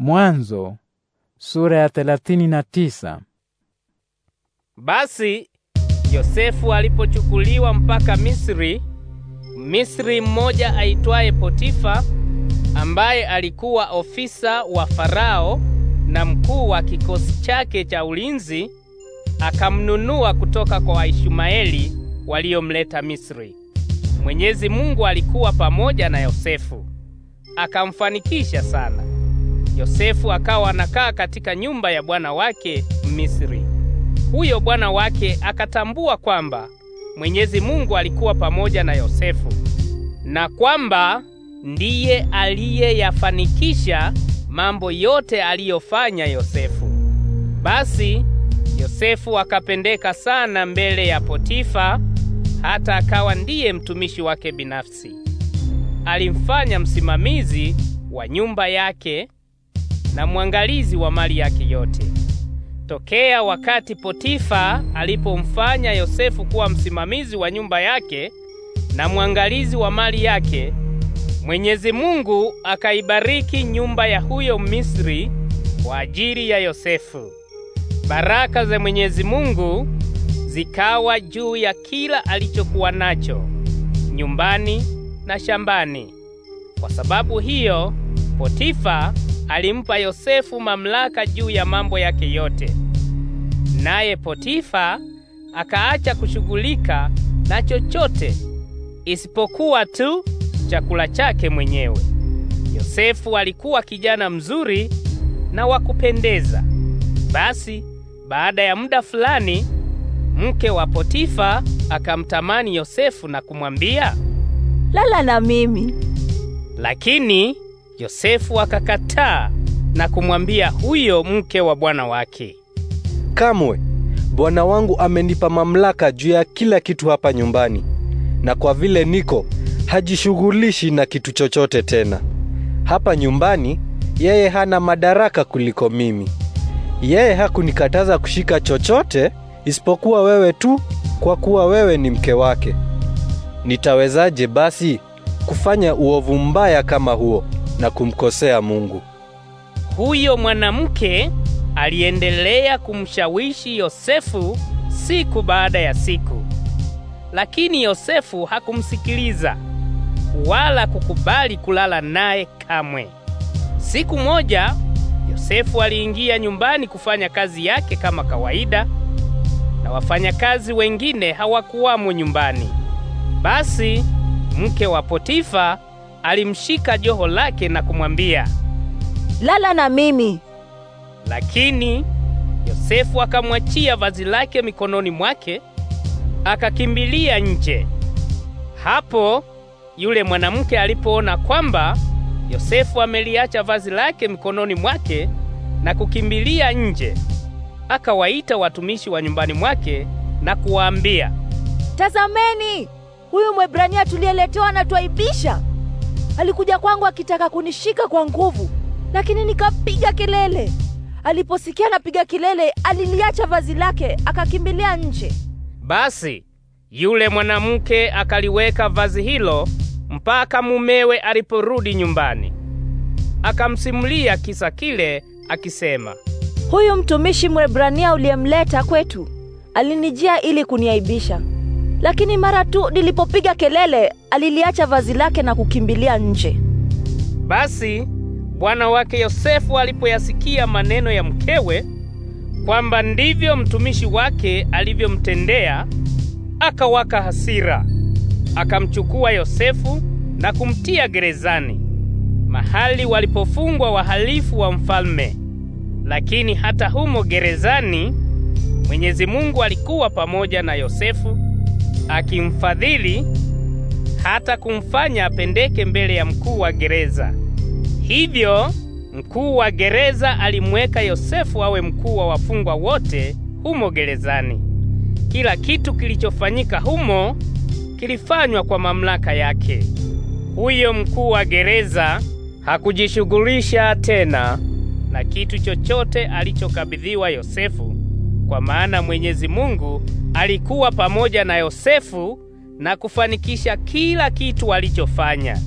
Mwanzo sura ya na tisa. Basi Yosefu alipochukuliwa mpaka Misri, Misri mmoja aitwaye Potifa ambaye alikuwa ofisa wa Farao na mkuu wa kikosi chake cha ulinzi akamnunua kutoka kwa Waishumaeli waliomleta Misri. Mwenyezi Mungu alikuwa pamoja na Yosefu, akamfanikisha sana. Yosefu akawa anakaa katika nyumba ya bwana wake Misri. Huyo bwana wake akatambua kwamba Mwenyezi Mungu alikuwa pamoja na Yosefu na kwamba ndiye aliyeyafanikisha mambo yote aliyofanya Yosefu. Basi Yosefu akapendeka sana mbele ya Potifa, hata akawa ndiye mtumishi wake binafsi. Alimfanya msimamizi wa nyumba yake na mwangalizi wa mali yake yote. Tokea wakati Potifa alipomfanya Yosefu kuwa msimamizi wa nyumba yake na mwangalizi wa mali yake, Mwenyezi Mungu akaibariki nyumba ya huyo Misri kwa ajili ya Yosefu. Baraka za Mwenyezi Mungu zikawa juu ya kila alichokuwa nacho nyumbani na shambani. Kwa sababu hiyo Potifa alimpa Yosefu mamlaka juu ya mambo yake yote, naye Potifa akaacha kushughulika na chochote isipokuwa tu chakula chake mwenyewe. Yosefu alikuwa kijana mzuri na wa kupendeza. Basi baada ya muda fulani, mke wa Potifa akamtamani Yosefu na kumwambia, lala na mimi. Lakini Yosefu akakataa na kumwambia huyo mke wa bwana wake, Kamwe bwana wangu amenipa mamlaka juu ya kila kitu hapa nyumbani, na kwa vile niko hajishughulishi na kitu chochote tena hapa nyumbani. Yeye hana madaraka kuliko mimi. Yeye hakunikataza kushika chochote isipokuwa wewe tu, kwa kuwa wewe ni mke wake. Nitawezaje basi kufanya uovu mbaya kama huo? na kumkosea Mungu. Huyo mwanamke aliendelea kumshawishi Yosefu siku baada ya siku, lakini Yosefu hakumsikiliza wala kukubali kulala naye kamwe. Siku moja Yosefu aliingia nyumbani kufanya kazi yake kama kawaida, na wafanyakazi wengine hawakuwamo nyumbani. Basi mke wa Potifa alimshika joho lake na kumwambia, lala na mimi. Lakini Yosefu akamwachia vazi lake mikononi mwake, akakimbilia nje. Hapo yule mwanamke alipoona kwamba Yosefu ameliacha vazi lake mikononi mwake na kukimbilia nje, akawaita watumishi wa nyumbani mwake na kuwaambia, tazameni, huyu Mwebrania tuliyeletewa anatuaibisha. Alikuja kwangu akitaka kunishika kwa nguvu, lakini nikapiga kelele. Aliposikia napiga kelele, aliliacha vazi lake akakimbilia nje. Basi yule mwanamke akaliweka vazi hilo mpaka mumewe aliporudi nyumbani. Akamsimulia kisa kile akisema, huyu mtumishi Mwebrania uliyemleta kwetu alinijia ili kuniaibisha lakini mara tu nilipopiga kelele aliliacha vazi lake na kukimbilia nje. Basi bwana wake Yosefu alipoyasikia maneno ya mkewe kwamba ndivyo mtumishi wake alivyomtendea, akawaka hasira, akamchukua Yosefu na kumtia gerezani, mahali walipofungwa wahalifu wa mfalme. Lakini hata humo gerezani Mwenyezi Mungu alikuwa pamoja na Yosefu akimfadhili hata kumfanya apendeke mbele ya mkuu wa gereza. Hivyo mkuu wa gereza alimweka Yosefu awe mkuu wa wafungwa wote humo gerezani. Kila kitu kilichofanyika humo kilifanywa kwa mamlaka yake. Huyo mkuu wa gereza hakujishughulisha tena na kitu chochote alichokabidhiwa Yosefu kwa maana Mwenyezi Mungu alikuwa pamoja na Yosefu na kufanikisha kila kitu alichofanya.